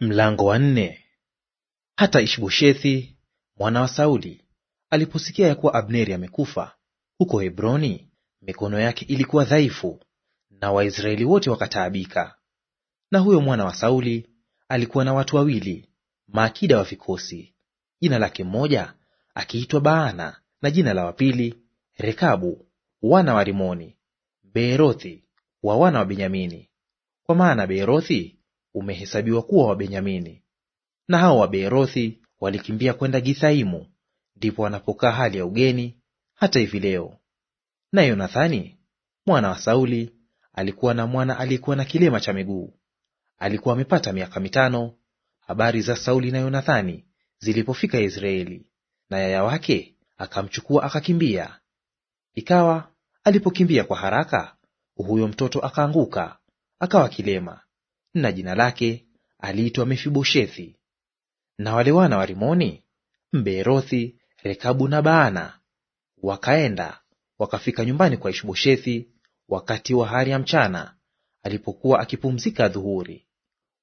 Mlango wa nne. Hata Ishboshethi mwana wa Sauli aliposikia ya kuwa Abneri amekufa huko Hebroni, mikono yake ilikuwa dhaifu, na Waisraeli wote wakataabika. Na huyo mwana wa Sauli alikuwa na watu wawili maakida wa vikosi, jina lake mmoja akiitwa Baana na jina la wapili Rekabu, wana wa Rimoni Beerothi wa wana wa Benyamini, kwa maana Beerothi umehesabiwa kuwa Wabenyamini. Na hao Wabeerothi walikimbia kwenda Githaimu, ndipo wanapokaa hali ya ugeni hata hivi leo. Na Yonathani mwana wa Sauli alikuwa na mwana aliyekuwa na kilema cha miguu, alikuwa amepata miaka mitano. Habari za Sauli na Yonathani zilipofika Israeli, na yaya wake akamchukua akakimbia. Ikawa alipokimbia kwa haraka, huyo mtoto akaanguka akawa kilema na jina lake aliitwa Mefiboshethi. Na wale wana wa Rimoni, Mbeerothi, Rekabu na Baana, wakaenda wakafika nyumbani kwa Ishboshethi wakati wa hari ya mchana, alipokuwa akipumzika dhuhuri.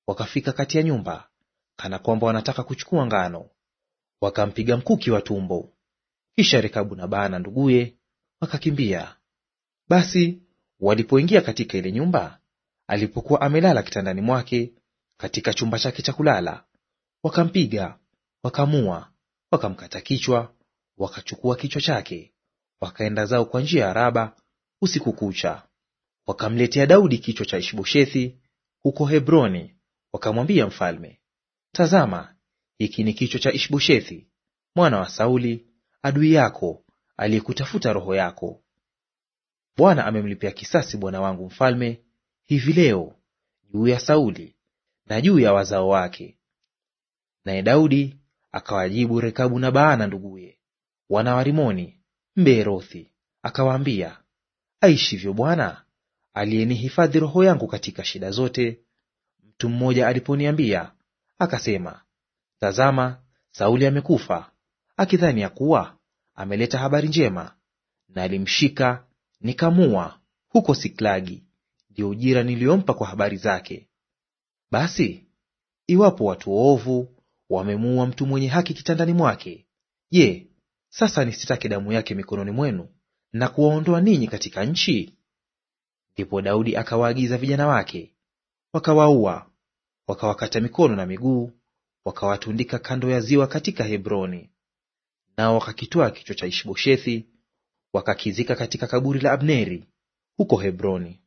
Wakafika kati ya nyumba, kana kwamba wanataka kuchukua ngano, wakampiga mkuki wa tumbo. Kisha Rekabu na Baana nduguye wakakimbia. Basi walipoingia katika ile nyumba, alipokuwa amelala kitandani mwake katika chumba chake cha kulala, wakampiga, wakamua, wakamkata kichwa, wakachukua kichwa chake, wakaenda zao kwa njia ya raba usiku kucha. Wakamletea Daudi kichwa cha Ishboshethi huko Hebroni, wakamwambia mfalme, tazama, hiki ni kichwa cha Ishboshethi mwana wa Sauli adui yako aliyekutafuta roho yako. Bwana amemlipia kisasi bwana wangu mfalme hivi leo juu ya Sauli na juu ya wazao wake. Naye Daudi akawajibu Rekabu na Baana nduguye, wana wa Rimoni Mberothi, akawaambia, aishivyo Bwana aliyenihifadhi roho yangu katika shida zote, mtu mmoja aliponiambia akasema, tazama, Sauli amekufa, akidhani ya kuwa ameleta habari njema, na alimshika nikamua huko Siklagi ndiyo ujira niliyompa kwa habari zake. Basi iwapo watu waovu wamemuua mtu mwenye haki kitandani mwake, je, sasa nisitake damu yake mikononi mwenu na kuwaondoa ninyi katika nchi? Ndipo Daudi akawaagiza vijana wake, wakawaua, wakawakata mikono na miguu, wakawatundika kando ya ziwa katika Hebroni. Nao wakakitwaa kichwa cha Ishboshethi wakakizika katika kaburi la Abneri huko Hebroni.